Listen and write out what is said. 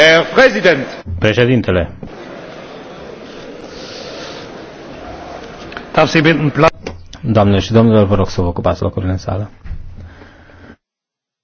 Der Präsident. Președintele. Doamne și domnilor, vă rog să vă ocupați locurile în sală.